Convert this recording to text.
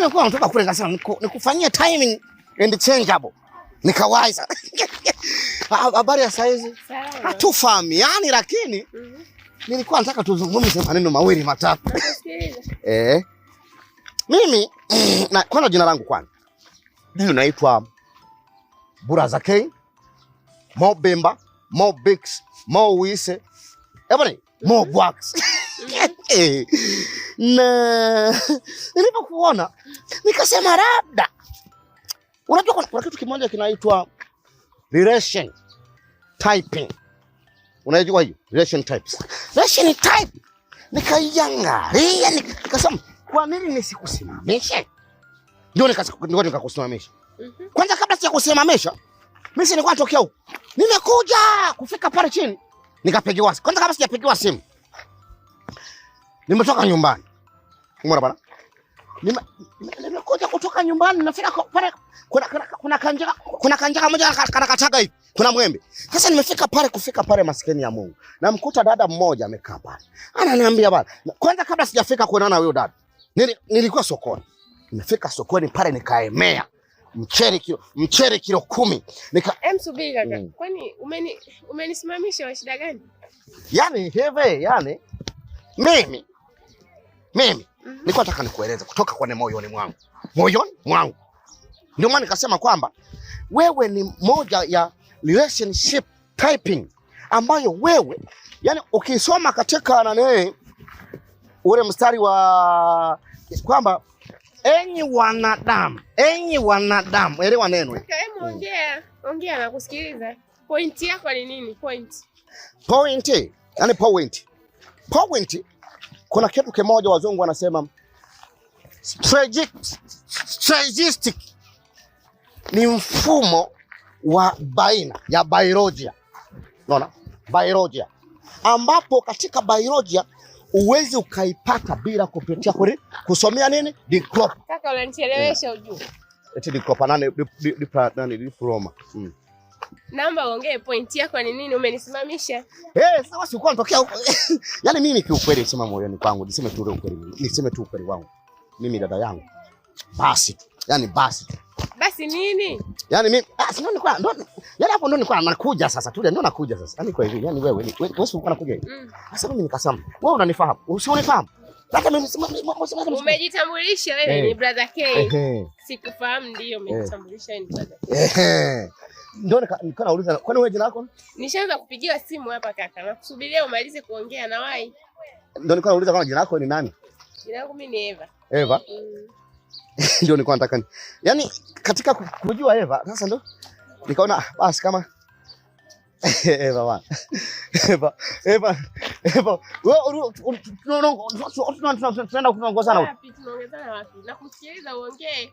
nimekuwa natoka kule kasema nikufanyia timing and changeable nikawaza habari ya saizi hatufahamiani, lakini mhm. nilikuwa nataka tuzungumze maneno mawili matatu eh, mimi na kwanza, jina langu kwanza, mimi naitwa Buraza K Mo Bemba Mo Bix Mo Wise Ebony Mo Bwax eh na nilipokuona nikasema labda, unajua kuna kuna kitu kimoja kinaitwa relation typing, unajua hiyo relation types, relation type. Nikaiangalia nikasema kwa nini nisikusimamishe? Ndio ndio nikakusimamisha. Mhm. Kwanza kabla sijakusimamisha mimi si nilikuwa natokea huko, nimekuja kufika pale chini nikapigiwa. Kwanza kabla sijapigiwa simu nimetoka nyumbani Umeona bana? Nimekuja kutoka nyumbani nafika pale kuna kuna kanjaka kuna kanjaka moja kanakataga hivi. Kuna mwembe. Sasa nimefika pale kufika pale maskini ya Mungu. Namkuta dada mmoja amekaa pale. Ananiambia bana, kwanza kabla sijafika kuonana na huyo dada. Nili, nilikuwa sokoni. Nimefika sokoni pale nikaemea mchele kilo mchele kilo kumi. Nika msubiri kaka. Mm. Kwani umeni umenisimamisha wa shida gani? Yaani hivi, yaani mimi mimi Mhm. Nilikuwa nataka nikueleze kutoka kwenye moyoni mwangu, moyoni mwangu. Ndio maana nikasema kwamba wewe ni moja ya relationship typing ambayo wewe yani ukisoma katika nani ule mstari wa kwamba enyi wanadamu, enyi wanadamu, elewa neno hili. Okay, ongea, ongea na kusikiliza. Point yako ni nini? Point. Point, yani point. Point kuna kitu kimoja wazungu wanasema strategistic, ni mfumo wa baina ya biolojia, unaona biolojia, ambapo katika biolojia uwezi ukaipata bila kupitia kuri, kusomea nini diploma. Kaka, unanielewesha eh. ujue. Eti diploma nani? Diploma. Mm. Naomba uongee point yako ni nini umenisimamisha? Eh, sawa, si kwa natokea huko. Yaani mimi kiukweli sema moyoni kwangu, niseme tu ukweli. Niseme tu ukweli wangu. Mimi dada yangu. Basi tu. Yaani basi tu. Basi nini? Yaani mimi ah, sio ni kwa ndo yaani hapo ndo ni kwa nakuja sasa tule, yaani ndo nakuja sasa. Yaani kwa hivi, yaani wewe ni wewe unakuwa nakuja Mm. Sasa mimi nikasema, wewe unanifahamu? Usionifahamu. mimi eh. Umejitambulisha wewe ni brother K. Sikufahamu ndio umejitambulisha ni brother K. Ndio nilikuwa nauliza, kwani wewe jina lako? Nishaanza kupigiwa simu hapa kaka, nakusubiria umalize kuongea na wai. Ndio nilikuwa nauliza kama jina lako ni nani? Jina langu mimi ni Eva. Eva? Mm. Ndio nilikuwa nataka. Yaani katika kujua Eva, sasa ndio nikaona basi kama Eva wa. Eva, Eva, Eva. Wewe no no, tunaongozana wapi? Tunaongozana wapi? Nakusikiliza uongee.